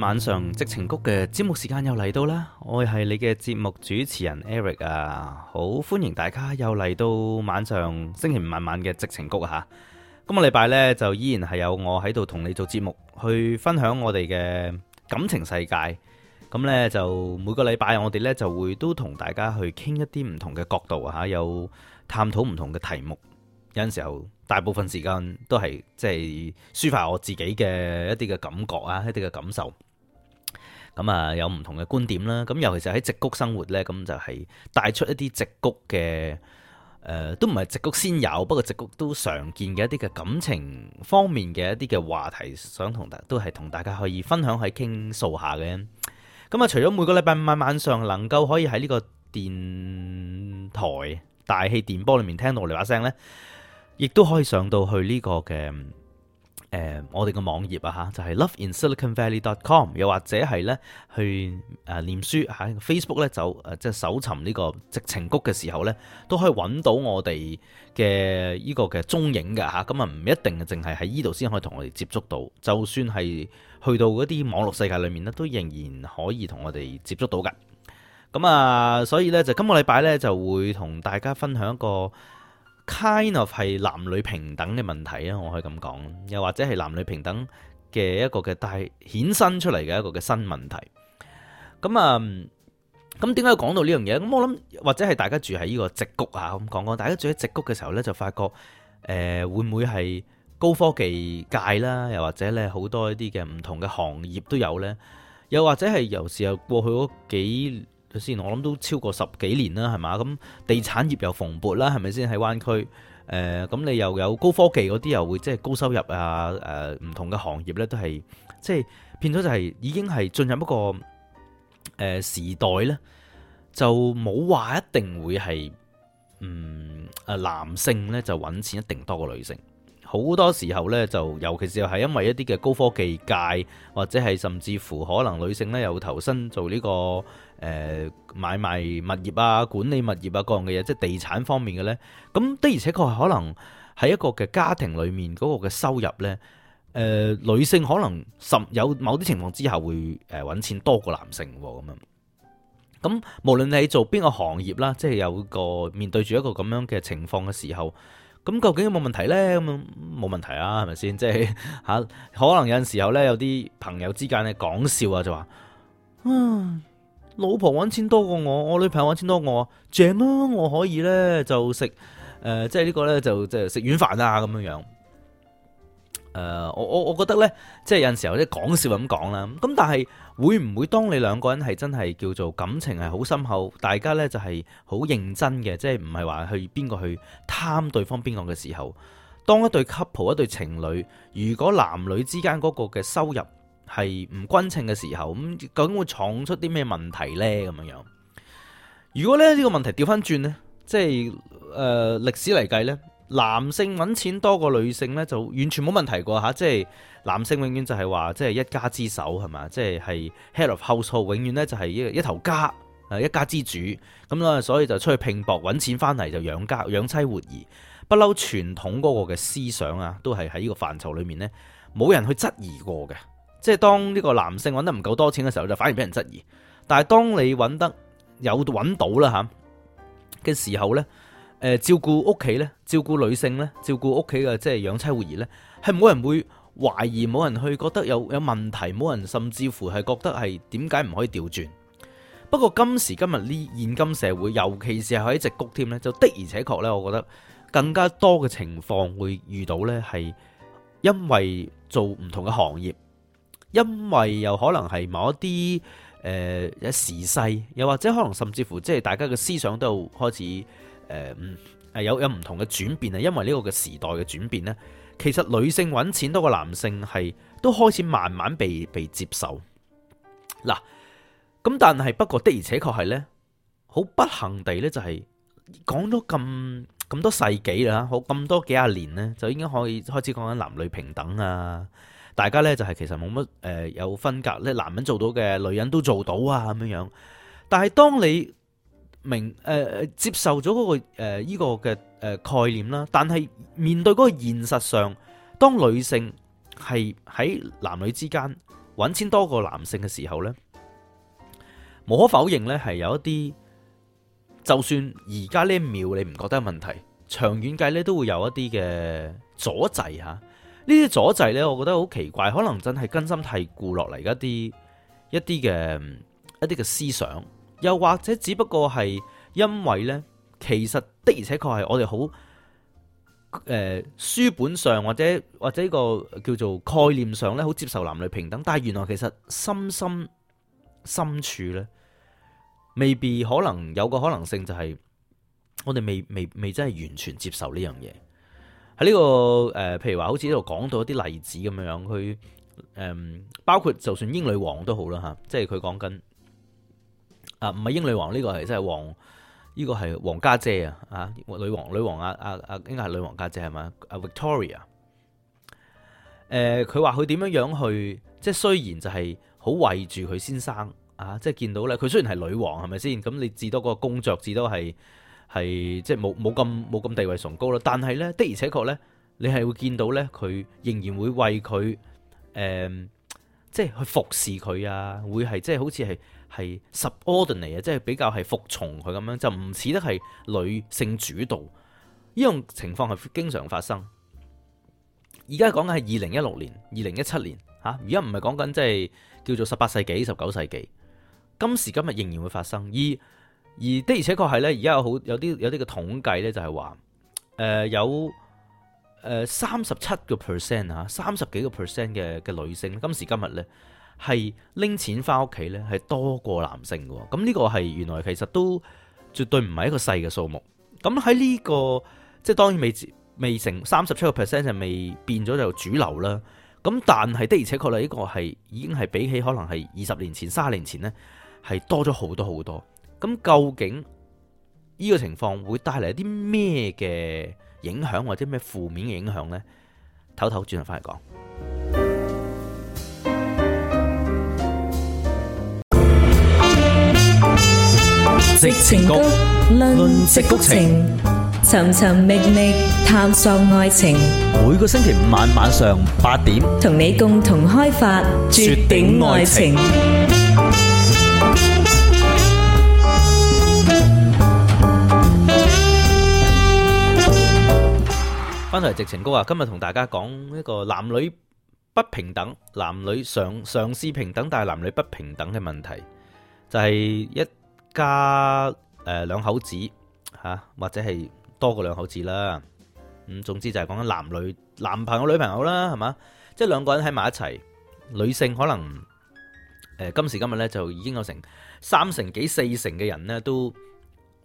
晚上矽情谷嘅節目時間又嚟到啦，我係你嘅節目主持人 Eric 啊，好歡迎大家又嚟到晚上星期五晚晚嘅矽情谷啊。今個禮拜呢，就依然係有我喺度同你做節目，去分享我哋嘅感情世界。咁呢，就每個禮拜我哋呢，就會都同大家去傾一啲唔同嘅角度啊，有探討唔同嘅題目。有陣時候，大部分時間都係即係抒發我自己嘅一啲嘅感覺啊，一啲嘅感受。咁啊，有唔同嘅觀點啦。咁尤其是喺矽谷生活呢，咁就係帶出一啲矽谷嘅，誒、呃，都唔係矽谷先有，不過矽谷都常見嘅一啲嘅感情方面嘅一啲嘅話題，想同大都係同大家可以分享，喺傾訴下嘅。咁啊，除咗每個禮拜晚晚上能夠可以喺呢個電台大氣電波裏面聽到我嚟把聲呢。亦都可以上到去呢個嘅誒、呃，我哋嘅網頁啊吓，就係、是、loveinSiliconValley.com，又或者係咧去誒、呃、念書喺、啊、Facebook 咧就誒即係搜尋呢個矽情谷嘅時候咧，都可以揾到我哋嘅呢個嘅蹤影嘅吓。咁啊唔、嗯、一定淨係喺呢度先可以同我哋接觸到，就算係去到嗰啲網絡世界裏面咧，都仍然可以同我哋接觸到噶。咁啊，所以咧就今個禮拜咧就會同大家分享一個。Kind of 係男女平等嘅問題啊，我可以咁講，又或者係男女平等嘅一個嘅，但係衍生出嚟嘅一個嘅新問題，咁啊，咁點解講到呢樣嘢？咁我諗，或者係大家住喺呢個矽谷啊，咁講講大家住喺矽谷嘅時候咧，就發覺誒、呃、會唔會係高科技界啦？又或者咧，好多一啲嘅唔同嘅行業都有咧，又或者係有時候過去嗰幾先，我諗都超過十幾年啦，係嘛？咁地產業又蓬勃啦，係咪先喺灣區？誒、呃，咁你又有高科技嗰啲，又會即係高收入啊？誒、呃，唔同嘅行業呢，都係即係變咗、就係，就係已經係進入一個誒、呃、時代呢，就冇話一定會係嗯誒男性呢，就揾錢一定多過女性。好多時候呢，就尤其是又係因為一啲嘅高科技界，或者係甚至乎可能女性呢，又投身做呢、呢個。誒、呃，買賣物業啊，管理物業啊，各樣嘅嘢，即係地產方面嘅呢。咁的而且確可能喺一個嘅家庭裏面嗰個嘅收入呢，誒、呃，女性可能十有某啲情況之下會誒揾錢多過男性咁啊。咁無論你做邊個行業啦，即係有個面對住一個咁樣嘅情況嘅時候，咁究竟有冇問題呢？咁冇問題啊，係咪先？即係吓、啊，可能有陣時候呢，有啲朋友之間嘅講笑啊，就話，嗯。老婆揾錢多過我，我女朋友揾錢多過我，正啦、啊，我可以呢就食，誒、呃，即係呢個呢就即係食軟飯啊咁樣樣。誒、呃，我我我覺得呢，即係有陣時候即係講笑咁講啦。咁但係會唔會當你兩個人係真係叫做感情係好深厚，大家呢就係好認真嘅，即係唔係話去邊個去貪對方邊個嘅時候，當一對 couple 一對情侶，如果男女之間嗰個嘅收入，係唔均稱嘅時候，咁究竟會闖出啲咩問題呢？咁樣樣，如果咧呢個問題調翻轉呢，即係誒歷史嚟計呢，男性揾錢多過女性呢，就完全冇問題過吓，即係男性永遠就係話即係一家之首係嘛，即係係 head of household，永遠呢就係一一頭家誒一家之主，咁啦，所以就出去拼搏揾錢翻嚟就養家養妻活兒，不嬲傳統嗰個嘅思想啊，都係喺呢個範疇裏面呢，冇人去質疑過嘅。即係當呢個男性揾得唔夠多錢嘅時候，就反而俾人質疑。但係當你揾得有揾到啦吓嘅時候呢，誒、呃、照顧屋企呢，照顧女性呢，照顧屋企嘅即係養妻活兒呢，係冇人會懷疑，冇人去覺得有有問題，冇人甚至乎係覺得係點解唔可以調轉。不過今時今日呢現今社會，尤其是係喺矽谷添呢，就的而且確呢，我覺得更加多嘅情況會遇到呢，係因為做唔同嘅行業。因為又可能係某一啲誒、呃、時勢，又或者可能甚至乎即係大家嘅思想都開始誒、呃，有有唔同嘅轉變啊！因為呢個嘅時代嘅轉變呢，其實女性揾錢多過男性係，都開始慢慢被被接受。嗱，咁但係不過的而且確係呢，好不幸地呢、就是，就係講咗咁咁多世紀啦，好咁多幾廿年呢，就已經可以開始講緊男女平等啊！大家咧就係其實冇乜誒有分隔咧，男人做到嘅女人都做到啊，咁樣樣。但係當你明誒誒、呃、接受咗嗰、嗰個誒呢、呃，這個嘅誒概念啦，但係面對嗰個現實上，當女性係喺男女之間揾錢多過男性嘅時候咧，無可否認咧係有一啲，就算而家呢一秒你唔覺得有問題，長遠計咧都會有一啲嘅阻滯吓。呢啲阻滯呢，我覺得好奇怪，可能真係根深蒂固落嚟一啲一啲嘅一啲嘅思想，又或者只不過係因為呢，其實的而且確係我哋好誒書本上或者或者個叫做概念上呢，好接受男女平等，但係原來其實深深深處呢，未必可能有個可能性就係我哋未未未真係完全接受呢樣嘢。喺呢、這個誒、呃，譬如話好似呢度講到一啲例子咁樣樣，佢誒、嗯，包括就算英女王都好啦吓，即係佢講緊啊，唔係英女王呢、這個係即係王，呢、這個係王家、這個、姐啊啊，女王女王啊啊啊，應該係女王家姐係嘛啊 Victoria。誒，佢話佢點樣樣去，即係雖然就係好畏住佢先生啊，即係見到咧，佢雖然係女王係咪先？咁你至多嗰個工作至多係。係即係冇冇咁冇咁地位崇高咯，但係咧的而且確咧，你係會見到咧佢仍然會為佢誒、嗯，即係去服侍佢啊，會係即係好似係係 subordinate 啊，即係比較係服從佢咁樣，就唔似得係女性主導呢種情況係經常發生。而家講緊係二零一六年、二零一七年吓，而家唔係講緊即係叫做十八世紀、十九世紀，今時今日仍然會發生而。而的而且確係咧，而家有好有啲有啲嘅統計咧，就係話，誒有誒三十七個 percent 吓，三十幾個 percent 嘅嘅女性，今時今日咧係拎錢返屋企咧係多過男性嘅喎。咁呢個係原來其實都絕對唔係一個細嘅數目。咁喺呢個即係當然未未成三十七個 percent 就未變咗就主流啦。咁但係的而且確啦，呢個係已經係比起可能係二十年前、卅年前咧係多咗好多好多。咁究竟呢個情況會帶嚟啲咩嘅影響或者咩負面嘅影響呢？唞唞轉頭返嚟講。矽情谷，論矽情，尋尋覓覓探索愛情。每個星期五晚晚上八點，同你共同開發絕頂愛情。翻嚟矽情谷啊！今日同大家講一個男女不平等、男女上司平等但係男女不平等嘅問題，就係、是、一家誒兩、呃、口子吓，或者係多過兩口子啦。咁總之就係講緊男女、男朋友女朋友啦，係嘛？即係兩個人喺埋一齊，女性可能誒、呃、今時今日呢，就已經有成三成幾、四成嘅人呢都。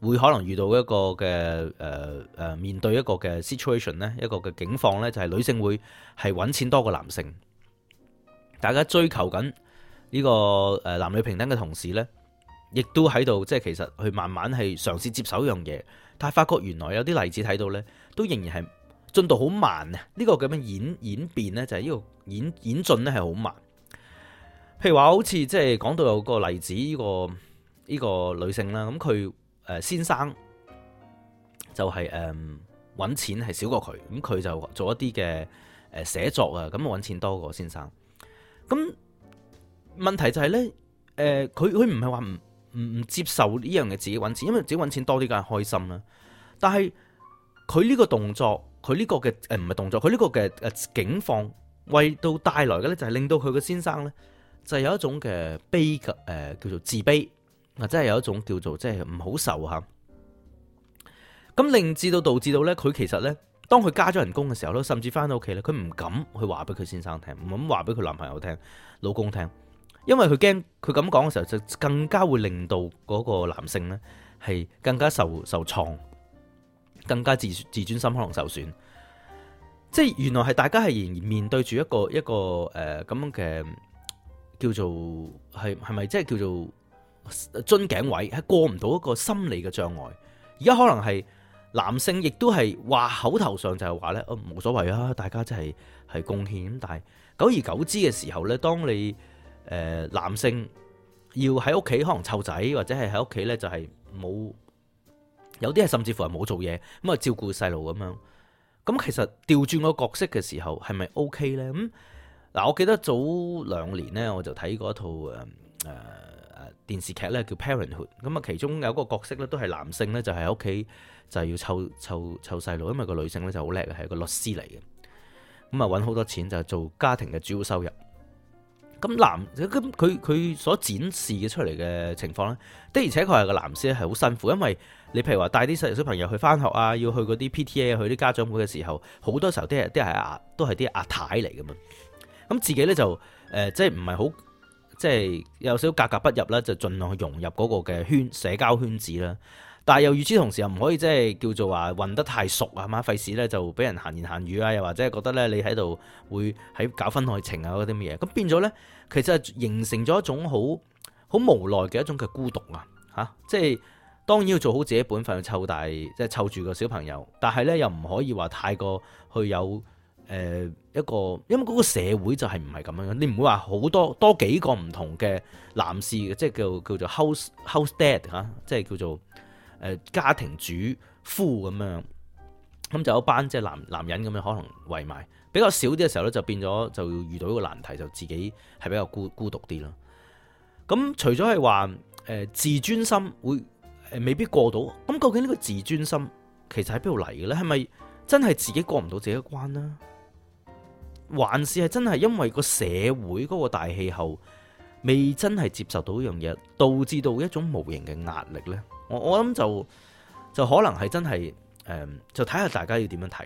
會可能遇到一個嘅誒誒，面對一個嘅 situation 咧，一個嘅境況咧，就係女性會係揾錢多過男性。大家追求緊呢個誒男女平等嘅同時咧，亦都喺度即係其實去慢慢去嘗試接手一樣嘢，但係發覺原來有啲例子睇到咧，都仍然係進度好慢啊！呢個咁樣演演變咧，就係呢個演演進咧係好慢。譬如話好似即係講到有個例子，呢個呢個女性啦，咁佢。誒先生就係誒揾錢係少過佢，咁佢就做一啲嘅誒寫作啊，咁揾錢多過先生。咁問題就係、是、咧，誒佢佢唔係話唔唔唔接受呢樣嘅自己揾錢，因為自己揾錢多啲梗係開心啦。但係佢呢個動作，佢呢個嘅誒唔係動作，佢呢個嘅誒境況，為到帶來嘅咧就係令到佢嘅先生咧就係有一種嘅悲嘅、呃、叫做自卑。真係有一種叫做即係唔好受嚇。咁令至到導致到呢，佢其實呢，當佢加咗人工嘅時候咧，甚至返到屋企呢，佢唔敢去話俾佢先生聽，唔敢話俾佢男朋友聽，老公聽，因為佢驚佢咁講嘅時候，就更加會令到嗰個男性呢係更加受受創，更加自自尊心可能受損。即係原來係大家係仍然面對住一個一個誒咁，呃、樣嘅叫做係係咪即係叫做？是是不是樽頸位係過唔到一個心理嘅障礙，而家可能係男性亦都係話口頭上就係話咧，啊冇所謂啊，大家真係係貢獻，咁但係久而久之嘅時候咧，當你誒、呃、男性要喺屋企可能湊仔，或者係喺屋企咧就係冇有啲係甚至乎係冇做嘢咁啊照顧細路咁樣，咁其實調轉個角色嘅時候係咪 OK 咧？咁、嗯、嗱，我記得早兩年咧，我就睇過一套誒誒。呃電視劇咧叫《Parenthood》，咁啊，其中有一個角色咧都係男性咧，就係喺屋企就係要湊湊湊細路，因為個女性咧就好叻嘅，係一個律師嚟嘅，咁啊，搵好多錢就做家庭嘅主要收入。咁男咁佢佢所展示嘅出嚟嘅情況咧，的而且確係個男士咧係好辛苦，因為你譬如話帶啲細小朋友去返學啊，要去嗰啲 PTA 去啲家長會嘅時候，好多時候啲人啲係阿都係啲阿太嚟噶嘛，咁自己咧就誒、呃、即係唔係好。即係有少少格格不入啦，就盡量去融入嗰個嘅圈社交圈子啦。但係又與此同時又唔可以即係叫做話混得太熟啊嘛，費事咧就俾人閒言閒語啊，又或者係覺得咧你喺度會喺搞婚外情啊嗰啲咩嘢。咁變咗咧，其實形成咗一種好好無奈嘅一種嘅孤獨啊吓。即係當然要做好自己本份去湊大，即係湊住個小朋友。但係咧又唔可以話太過去有。誒、呃、一個，因為嗰個社會就係唔係咁樣，你唔會話好多多幾個唔同嘅男士，即係叫叫做 house house dad、啊、即係叫做、呃、家庭主夫咁樣。咁就有班即係男男人咁樣可能圍埋，比較少啲嘅時候咧，就變咗就要遇到一個難題，就自己係比較孤孤獨啲啦。咁除咗係話誒自尊心會、呃、未必過到，咁究竟呢個自尊心其實喺邊度嚟嘅咧？係咪真係自己過唔到自己一關呢？還是係真係因為個社會嗰個大氣候未真係接受到呢樣嘢，導致到一種無形嘅壓力呢？我我諗就就可能係真係，誒、呃，就睇下大家要點樣睇。誒、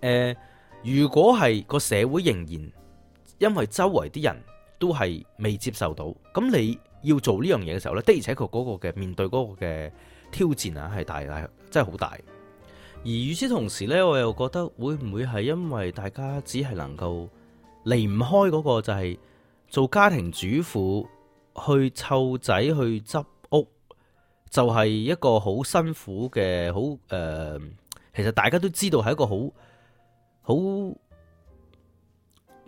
呃，如果係個社會仍然因為周圍啲人都係未接受到，咁你要做呢樣嘢嘅時候呢，的而且確嗰個嘅面對嗰個嘅挑戰啊，係大大真係好大。而與此同時咧，我又覺得會唔會係因為大家只係能夠離唔開嗰個就係做家庭主婦去湊仔、去執屋，就係、是、一個好辛苦嘅、好誒、呃，其實大家都知道係一個好好唔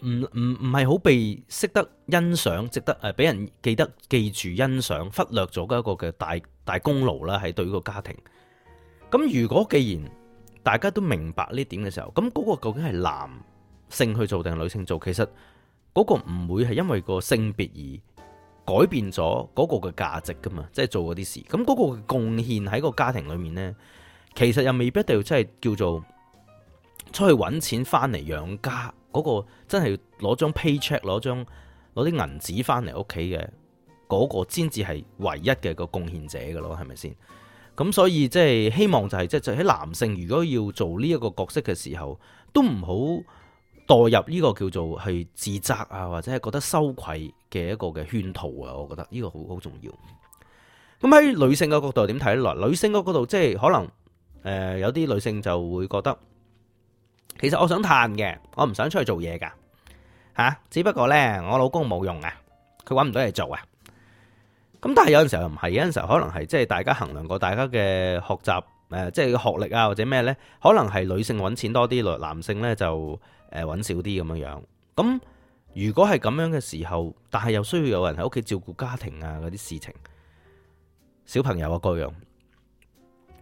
唔唔係好被識得欣賞、值得誒俾、呃、人記得記住、欣賞忽略咗嘅一個嘅大大功勞啦，係對個家庭。咁如果既然大家都明白呢點嘅時候，咁嗰個究竟係男性去做定女性做？其實嗰個唔會係因為個性別而改變咗嗰個嘅價值噶嘛，即係做嗰啲事。咁嗰個嘅貢獻喺個家庭裏面呢，其實又未必一定要真係叫做出去揾錢翻嚟養家嗰個真係要攞張 paycheck 攞張攞啲銀紙翻嚟屋企嘅嗰個，先至係唯一嘅個貢獻者噶咯，係咪先？咁所以即係希望就係即係喺男性如果要做呢一個角色嘅時候，都唔好墮入呢個叫做去自責啊，或者係覺得羞愧嘅一個嘅圈套啊，我覺得呢個好好重要。咁喺女性嘅角度點睇咧？女性嘅角度即係可能誒，有啲女性就會覺得，其實我想嘆嘅，我唔想出去做嘢噶吓，只不過呢，我老公冇用啊，佢揾唔到嘢做啊。咁但係有陣時候唔係，有陣時候可能係即係大家衡量過大家嘅學習誒、呃，即係學歷啊或者咩呢？可能係女性揾錢多啲，男性呢就誒揾少啲咁樣樣。咁如果係咁樣嘅時候，但係又需要有人喺屋企照顧家庭啊嗰啲事情，小朋友啊各樣。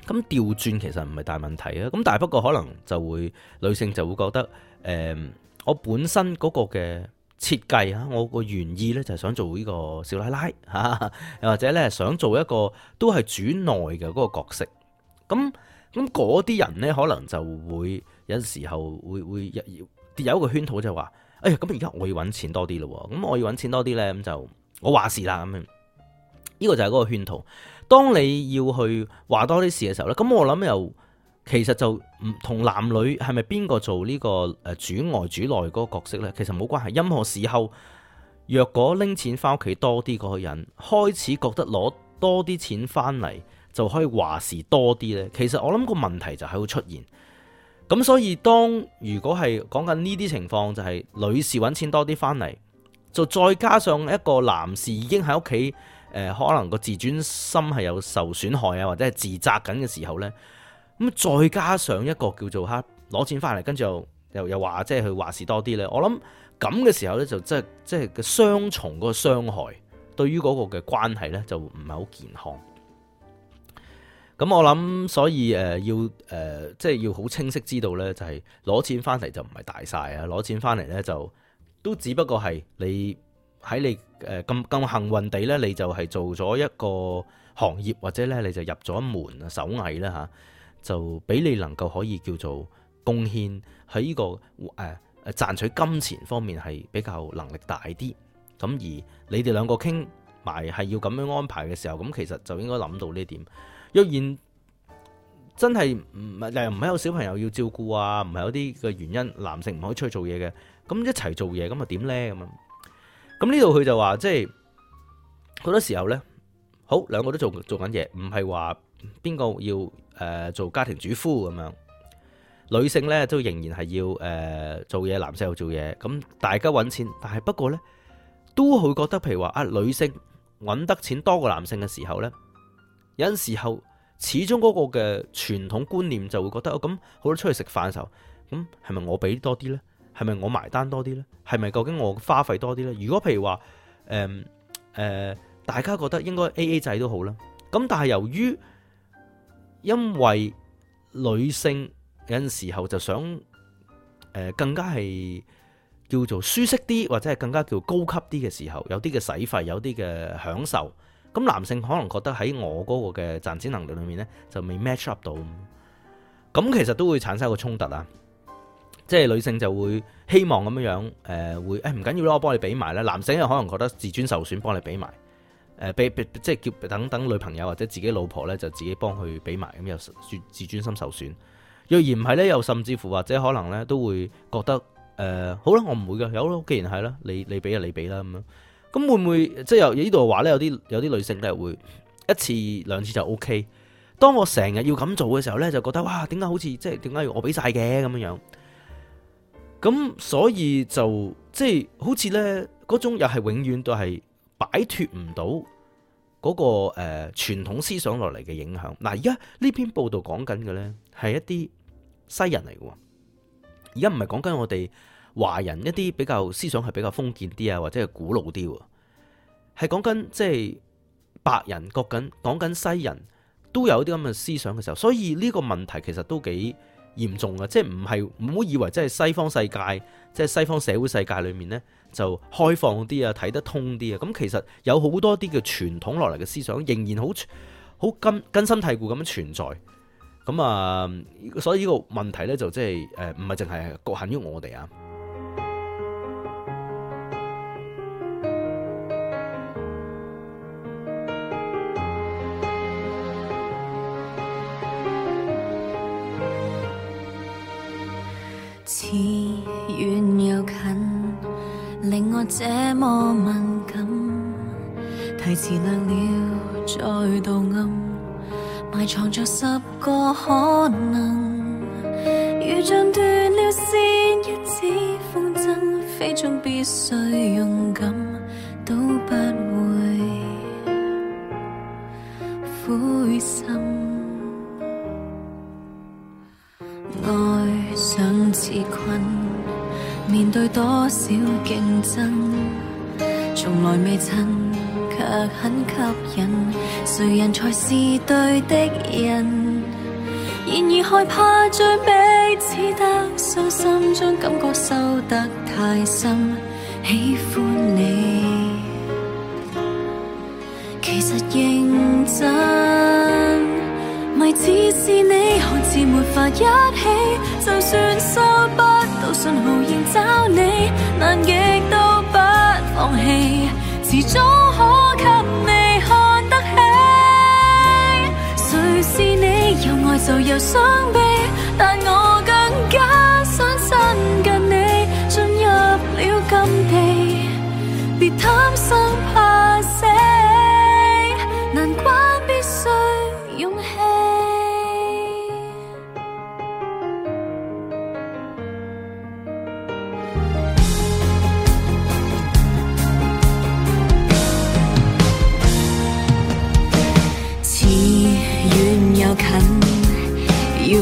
咁調轉其實唔係大問題啊。咁但係不過可能就會女性就會覺得誒、呃，我本身嗰個嘅。設計吓，我個原意咧就係想做呢個少奶奶吓，又或者咧想做一個都係主內嘅嗰個角色。咁咁嗰啲人咧，可能就會有陣時候會會會有一個圈套，就係話，哎呀，咁而家我要揾錢多啲咯，咁我要揾錢多啲咧，咁就我話事啦。咁樣呢個就係嗰個圈套。當你要去話多啲事嘅時候咧，咁我諗又。其實就唔同男女係咪邊個做呢個誒主外主內嗰個角色呢？其實冇關係。任何時候，若果拎錢翻屋企多啲嗰個人，開始覺得攞多啲錢翻嚟就可以話事多啲呢。其實我諗個問題就係會出現。咁所以當，當如果係講緊呢啲情況，就係、是、女士揾錢多啲翻嚟，就再加上一個男士已經喺屋企誒，可能個自尊心係有受損害啊，或者係自責緊嘅時候呢。咁再加上一個叫做攞錢翻嚟，跟住又又話即係佢話事多啲咧。我諗咁嘅時候咧，就即係即係嘅雙重個傷害，對於嗰個嘅關係咧，就唔係好健康。咁我諗，所以誒要誒，即係要好清晰知道咧，就係攞錢翻嚟就唔係大晒啊！攞錢翻嚟咧，就都只不過係你喺你誒咁咁幸運地咧，你就係做咗一個行業，或者咧你就入咗門啊手藝啦吓。就俾你能夠可以叫做貢獻喺呢個誒誒賺取金錢方面係比較能力大啲咁，而你哋兩個傾埋係要咁樣安排嘅時候，咁其實就應該諗到呢點。若然真係唔係唔係有小朋友要照顧啊，唔係有啲嘅原因，男性唔可以出去做嘢嘅，咁一齊做嘢咁啊點呢？咁啊，咁呢度佢就話即係好多時候呢，好兩個都做做緊嘢，唔係話邊個要。誒、呃，做家庭主夫咁樣，女性呢都仍然係要誒、呃、做嘢，男性又做嘢，咁大家搵錢。但係不過呢，都會覺得，譬如話啊，女性搵得錢多過男性嘅時候呢，有陣時候始終嗰個嘅傳統觀念就會覺得哦，咁好啦，出去食飯嘅時候，咁係咪我俾多啲呢？係咪我埋單多啲呢？係咪究竟我花費多啲呢？」如果譬如話，誒、呃、誒、呃，大家覺得應該 AA 制都好啦。咁但係由於，因為女性有陣時候就想誒，更加係叫做舒適啲或者係更加叫高級啲嘅時候，有啲嘅使費，有啲嘅享受。咁男性可能覺得喺我嗰個嘅賺錢能力裏面呢，就未 match up 到。咁其實都會產生一個衝突啊！即係女性就會希望咁樣樣，誒，會誒唔、哎、緊要啦，我幫你俾埋啦。男性又可能覺得自尊受損，幫你俾埋。即係叫等等女朋友或者自己老婆咧，就自己幫佢俾埋，咁又自自尊心受損。若然唔係咧，又甚至乎或者可能咧，都會覺得、呃、好啦，我唔會嘅，有咯，既然係啦，你你俾就你俾啦咁樣。咁會唔會即係有呢度話咧？有啲有啲女性都係會一次兩次就 OK。當我成日要咁做嘅時候咧，就覺得哇，點解好似即係點解要我俾晒嘅咁樣樣？咁所以就即係好似咧嗰種又係永遠都係，擺脫唔到嗰個誒、呃、傳統思想落嚟嘅影響。嗱，而家呢篇報道講緊嘅呢係一啲西人嚟嘅。而家唔係講緊我哋華人一啲比較思想係比較封建啲啊，或者係古老啲。係講緊即係白人，講緊講緊西人，都有啲咁嘅思想嘅時候。所以呢個問題其實都幾。嚴重啊！即係唔係唔好以為，即係西方世界，即係西方社會世界裏面呢，就開放啲啊，睇得通啲啊。咁其實有好多啲嘅傳統落嚟嘅思想，仍然好好根根深蒂固咁樣存在。咁啊，所以呢個問題呢，就即係誒，唔係淨係局限於我哋啊。這麼敏感，提前亮了，了再度暗，埋藏着十個可能，如像斷了線一支風箏，飛中必須勇敢。少競爭，從來未曾，卻很吸引。誰人才是對的人？然而害怕最美，只得傷心，將感覺收得太深。喜歡你，其實認真，迷似是只是你，看似沒法一起，就算收不。有信號仍找你，難極都不放棄，遲早可給你看得起。誰是你有愛就有傷悲，但我。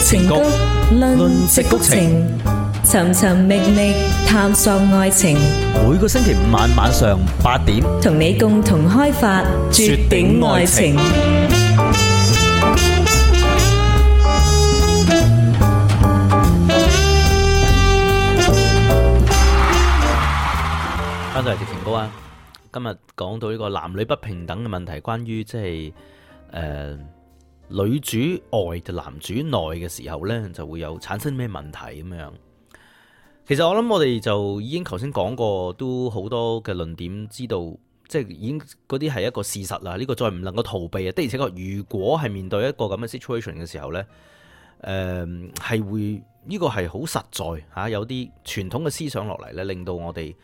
情歌，矽情谷情，尋尋覓覓探索愛情。每個星期五晚晚上八點，同你共同開發絕頂愛情。翻到嚟接情歌啊！今日講到呢個男女不平等嘅問題，關於即係誒。女主外就男主內嘅時候呢，就會有產生咩問題咁樣？其實我諗我哋就已經頭先講過，都好多嘅論點，知道即係已經嗰啲係一個事實啦。呢個再唔能夠逃避啊！的而且確，如果係面對一個咁嘅 situation 嘅時候呢，誒係會呢個係好實在吓、啊，有啲傳統嘅思想落嚟呢，令到我哋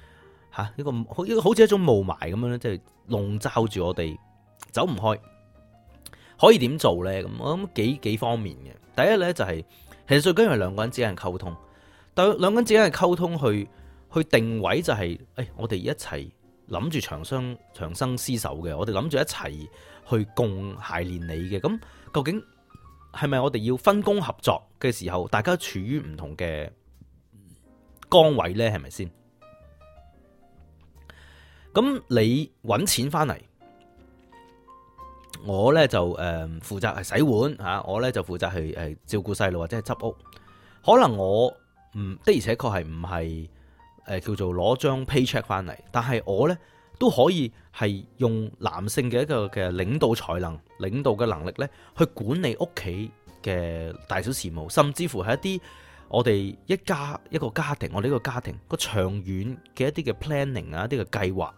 吓呢個好似一種霧霾咁樣咧，即係籠罩住我哋走唔開。可以點做呢？咁我諗幾幾方面嘅。第一呢，就係、是，其實最緊要係兩個人之間溝通。但兩個人之間嘅溝通去，去去定位就係、是，誒、哎，我哋一齊諗住長生長生廝守嘅，我哋諗住一齊去共諧連理嘅。咁究竟係咪我哋要分工合作嘅時候，大家處於唔同嘅崗位呢？係咪先？咁你搵錢翻嚟？我呢就誒、嗯、負責係洗碗、啊、我呢就負責係照顧細路或者係執屋。可能我唔的，而且確係唔係叫做攞張 paycheck 翻嚟，但係我呢都可以係用男性嘅一個嘅領導才能、領導嘅能力呢去管理屋企嘅大小事務，甚至乎係一啲我哋一家一個家庭，我哋一個家庭個長遠嘅一啲嘅 planning 啊、一啲嘅計劃、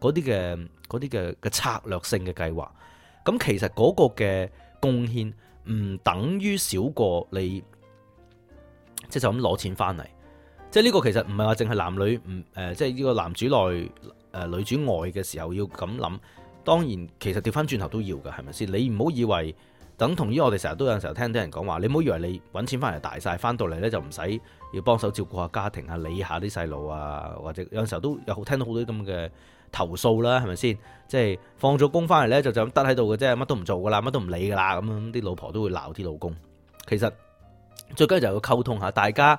嗰啲嘅啲嘅嘅策略性嘅計劃。咁其實嗰個嘅貢獻唔等於少過你，即係就咁、是、攞錢翻嚟，即係呢個其實唔係話淨係男女唔即係呢個男主內、呃、女主外嘅時候要咁諗。當然其實調翻轉頭都要㗎，係咪先？你唔好以為等同於我哋成日都有陣時候聽啲人講話，你唔好以為你揾錢翻嚟大晒翻到嚟呢，就唔使。要幫手照顧下家庭啊，理下啲細路啊，或者有陣時候都有聽到好多啲咁嘅投訴啦，係咪先？即係放咗工翻嚟咧，就就咁得喺度嘅啫，乜都唔做噶啦，乜都唔理噶啦，咁啲老婆都會鬧啲老公。其實最緊要就要溝通下，大家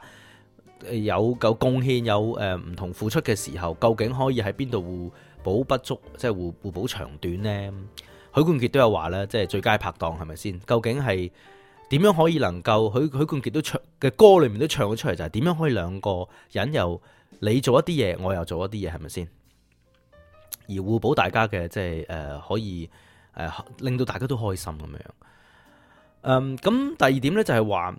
有夠貢獻，有誒唔同付出嘅時候，究竟可以喺邊度互補不足，即係互互補長短咧？許冠傑都有話咧，即係最佳拍檔係咪先？究竟係？點樣可以能夠？許許冠傑都唱嘅歌裏面都唱咗出嚟，就係、是、點樣可以兩個人又你做一啲嘢，我又做一啲嘢，係咪先？而互補大家嘅即係誒，可以誒、呃、令到大家都開心咁樣。嗯，咁第二點呢，就係、是、話，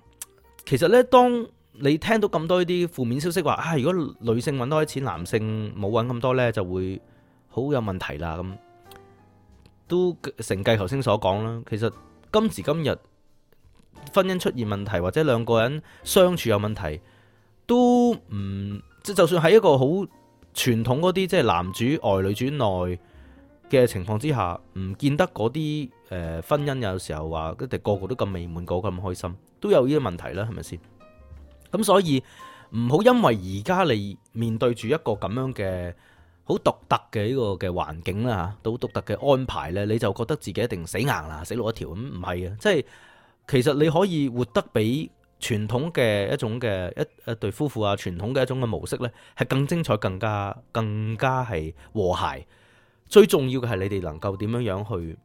其實呢，當你聽到咁多一啲負面消息，話啊如果女性搵多啲錢，男性冇搵咁多呢，就會好有問題啦。咁都承繼頭先所講啦。其實今時今日。婚姻出現問題或者兩個人相處有問題，都唔即就算喺一個好傳統嗰啲，即係男主外女主內嘅情況之下，唔見得嗰啲誒婚姻有時候話，一定個個都咁美滿，個個咁開心，都有呢啲問題啦，係咪先？咁所以唔好因為而家你面對住一個咁樣嘅好獨特嘅呢個嘅環境啦，吓，好獨特嘅安排呢，你就覺得自己一定死硬啦，死路一條咁，唔係啊，即係。其實你可以活得比傳統嘅一種嘅一一對夫婦啊，傳統嘅一種嘅模式咧，係更精彩、更加、更加係和諧。最重要嘅係你哋能夠點樣樣去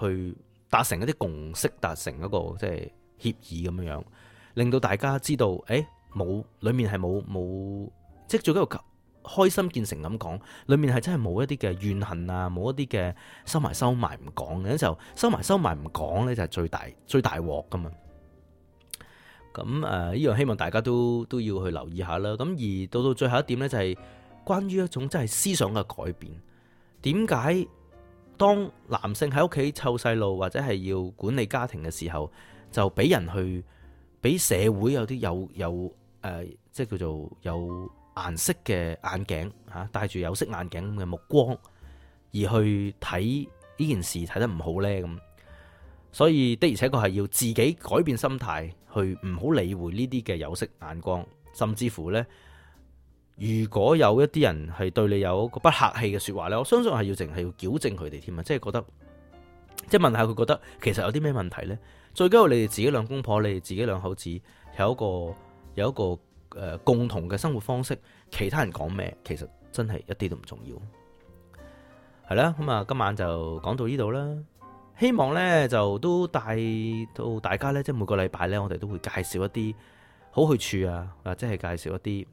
去達成一啲共識，達成一個即係協議咁樣樣，令到大家知道，誒、欸，冇裏面係冇冇即係做緊個。開心見誠咁講，裏面係真係冇一啲嘅怨恨啊，冇一啲嘅收埋收埋唔講嘅，有時候收埋收埋唔講呢，就係最大最大鑊噶嘛。咁誒，呢樣，希望大家都都要去留意下啦。咁而到到最後一點呢，就係關於一種真係思想嘅改變。點解當男性喺屋企湊細路或者係要管理家庭嘅時候，就俾人去俾社會有啲有有誒、呃，即係叫做有。顏色嘅眼鏡吓，戴住有色眼鏡嘅目光而去睇呢件事睇得唔好呢。咁，所以的而且確係要自己改變心態，去唔好理會呢啲嘅有色眼光，甚至乎呢，如果有一啲人係對你有一個不客氣嘅說話咧，我相信係要淨係要矯正佢哋添啊，即係覺得，即係問下佢覺得其實有啲咩問題呢？最緊要是你哋自己兩公婆，你哋自己兩口子有一個有一個。共同嘅生活方式，其他人講咩，其實真係一啲都唔重要。係啦，咁啊，今晚就講到呢度啦。希望呢就都帶到大家呢，即係每個禮拜呢，我哋都會介紹一啲好去處啊，或者係介紹一啲、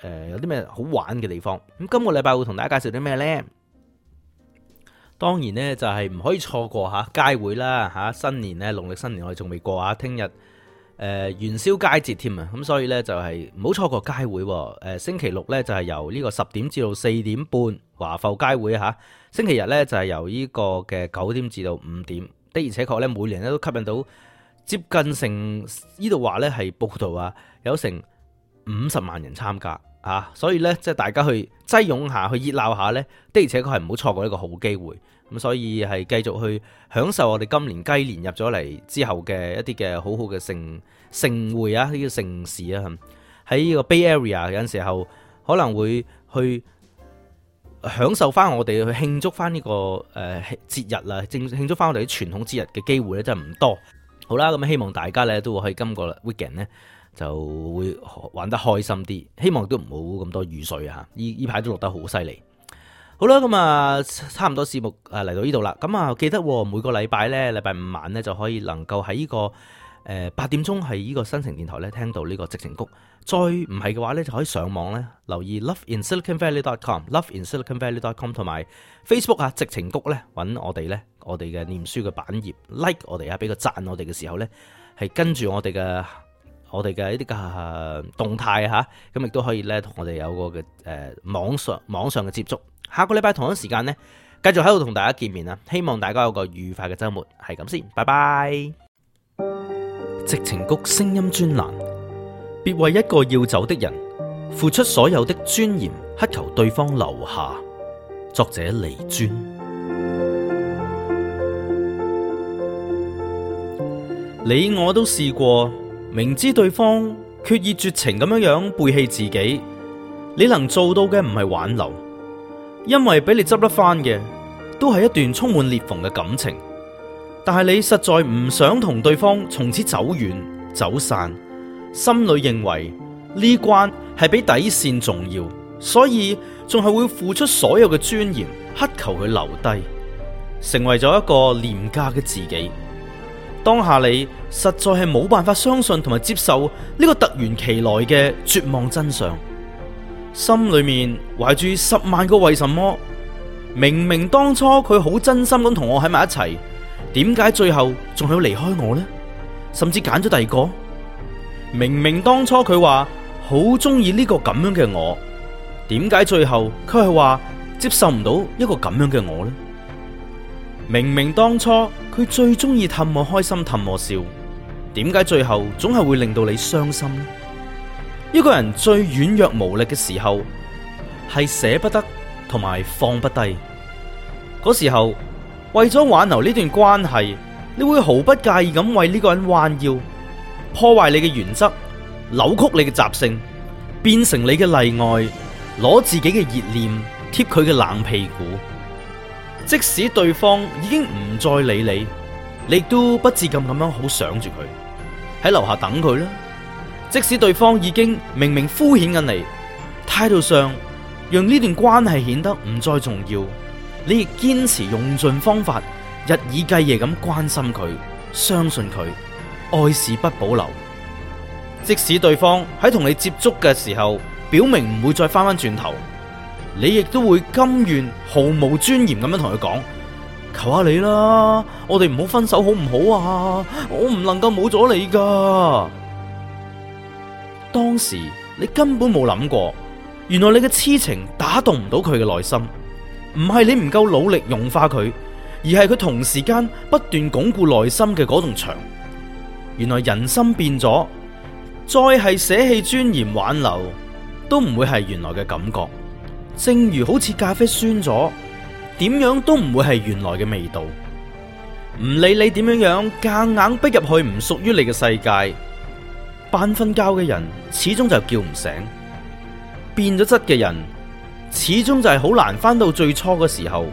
呃、有啲咩好玩嘅地方。咁今個禮拜會同大家介紹啲咩呢？當然呢，就係、是、唔可以錯過吓、啊、街會啦，吓、啊、新年呢，農曆新年我哋仲未過啊，聽日。誒、呃、元宵佳節添啊，咁所以呢，就係唔好錯過街會喎。誒，星期六呢，就係由呢個十點至到四點半華埠街會啊，星期日呢，就係由呢個嘅九點至到五點。的而且確呢，每年都吸引到接近成呢度話呢係報道啊，有成五十萬人參加。啊，所以咧，即係大家去擠擁下，去熱鬧下咧，的而且確係唔好錯過一個好機會。咁所以係繼續去享受我哋今年雞年入咗嚟之後嘅一啲嘅好好嘅盛盛會啊，呢個盛事啊，喺呢個 Bay Area 有陣時候可能會去享受翻我哋去慶祝翻呢個誒節日啦，正慶祝翻我哋啲傳統節日嘅機會咧，真係唔多。好啦，咁希望大家咧都會喺今個 weekend 呢。就會玩得開心啲，希望都唔好咁多雨水。啊！呢排都落得好犀利，好啦，咁啊，差唔多節目嚟到呢度啦。咁啊，記得每個禮拜咧，禮拜五晚咧就可以能夠喺呢個八點鐘喺呢個新城電台咧聽到呢個矽情谷。再唔係嘅話咧，就可以上網咧留意 loveinsiliconvalley.com loveinsiliconvalley.com 同埋 Facebook 啊，矽情谷咧揾我哋咧，我哋嘅念書嘅版頁 like 我哋啊，俾個讚我哋嘅時候咧，係跟住我哋嘅。我哋嘅呢啲嘅動態吓，咁亦都可以咧同我哋有個嘅誒、啊、網上網上嘅接觸。下個禮拜同一時間呢，繼續喺度同大家見面啦。希望大家有個愉快嘅周末，係咁先，拜拜。矽情谷聲音專欄，別為一個要走的人付出所有的尊嚴，乞求對方留下。作者黎尊，你我都試過。明知對方決意絕情咁樣樣背棄自己，你能做到嘅唔係挽留，因為俾你執得翻嘅都係一段充滿裂縫嘅感情。但係你實在唔想同對方從此走遠走散，心裏認為呢關係比底線重要，所以仲係會付出所有嘅尊嚴，乞求佢留低，成為咗一個廉價嘅自己。當下你實在係冇辦法相信同埋接受呢個突然其來嘅絕望真相，心裏面懷住十萬個為什麼。明明當初佢好真心咁同我喺埋一齊，點解最後仲要離開我呢？甚至揀咗第二個？明明當初佢話好中意呢個咁樣嘅我，點解最後佢係話接受唔到一個咁樣嘅我呢？明明當初佢最中意氹我開心氹我笑，點解最後總係會令到你傷心呢？一個人最軟弱無力嘅時候，係捨不得同埋放不低。嗰時候為咗挽留呢段關係，你會毫不介意咁為呢個人彎腰，破壞你嘅原則，扭曲你嘅習性，變成你嘅例外，攞自己嘅熱念，貼佢嘅冷屁股。即使對方已經唔再理你，你都不自禁咁樣好想住佢，喺樓下等佢啦。即使對方已經明明敷衍緊你，態度上讓呢段關係顯得唔再重要，你亦堅持用盡方法，日以繼夜咁關心佢，相信佢，愛是不保留。即使對方喺同你接觸嘅時候，表明唔會再返返轉頭。你亦都會甘願毫無尊嚴咁樣同佢講，求下你啦，我哋唔好分手好唔好啊？我唔能夠冇咗你噶。當時你根本冇諗過，原來你嘅癡情打動唔到佢嘅內心，唔係你唔夠努力融化佢，而係佢同時間不斷鞏固內心嘅嗰棟牆。原來人心變咗，再係捨棄尊嚴挽留，都唔會係原來嘅感覺。正如好似咖啡酸咗，點樣都唔會係原來嘅味道。唔理你點樣樣，夾硬逼入去唔屬於你嘅世界，扮瞓覺嘅人始終就叫唔醒，變咗質嘅人始終就係好難翻到最初嘅時候。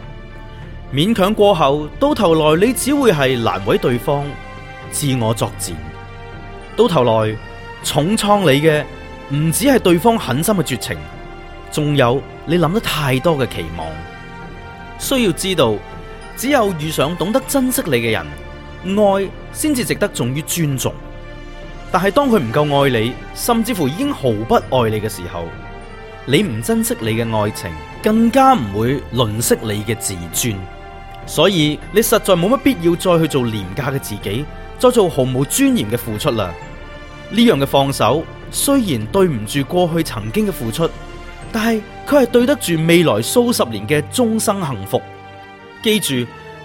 勉強過後，到頭來你只會係難為對方，自我作戰，到頭來重創你嘅唔止係對方狠心嘅絕情，仲有。你諗得太多嘅期望，需要知道，只有遇上懂得珍惜你嘅人，愛先至值得重於尊重。但係當佢唔夠愛你，甚至乎已經毫不愛你嘅時候，你唔珍惜你嘅愛情，更加唔會吝惜你嘅自尊。所以你實在冇乜必要再去做廉價嘅自己，再做毫無尊嚴嘅付出啦。呢樣嘅放手，雖然對唔住過去曾經嘅付出。但係佢係對得住未來數十年嘅終生幸福。記住，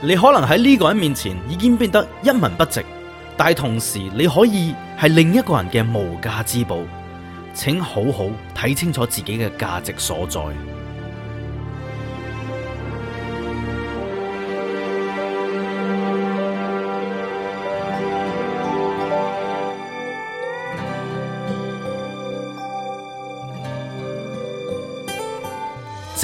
你可能喺呢個人面前已經變得一文不值，但係同時你可以係另一個人嘅無價之寶。請好好睇清楚自己嘅價值所在。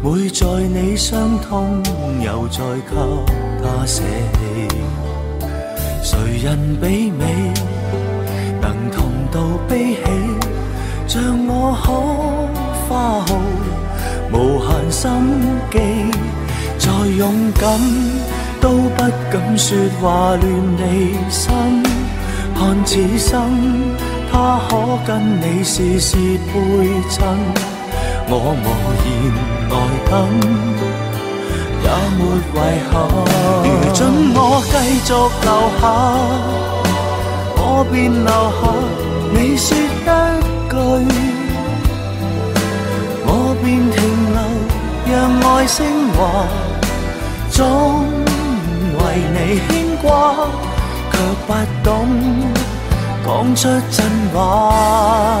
每在你傷痛，又再給他捨棄。誰人比你能同度悲喜？像我可花好無限心機，再勇敢都不敢説話亂你心。看此生他可跟你事事配襯。我無言來等，也沒遺憾。如准我繼續留下，我便留下。你說一句，我便停留。讓愛昇華，總為你牽掛，卻不懂講出真話。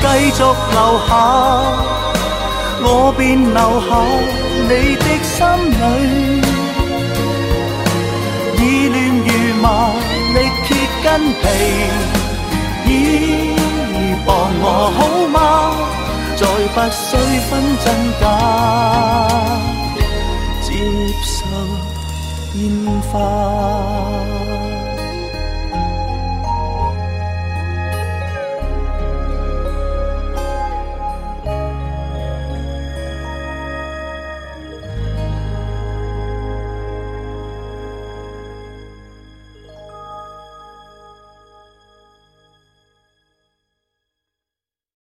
繼續留下，我便留下你的心裏。意亂如麻，力鐵筋皮，倚傍我好嗎？再不需分真假，接受變化。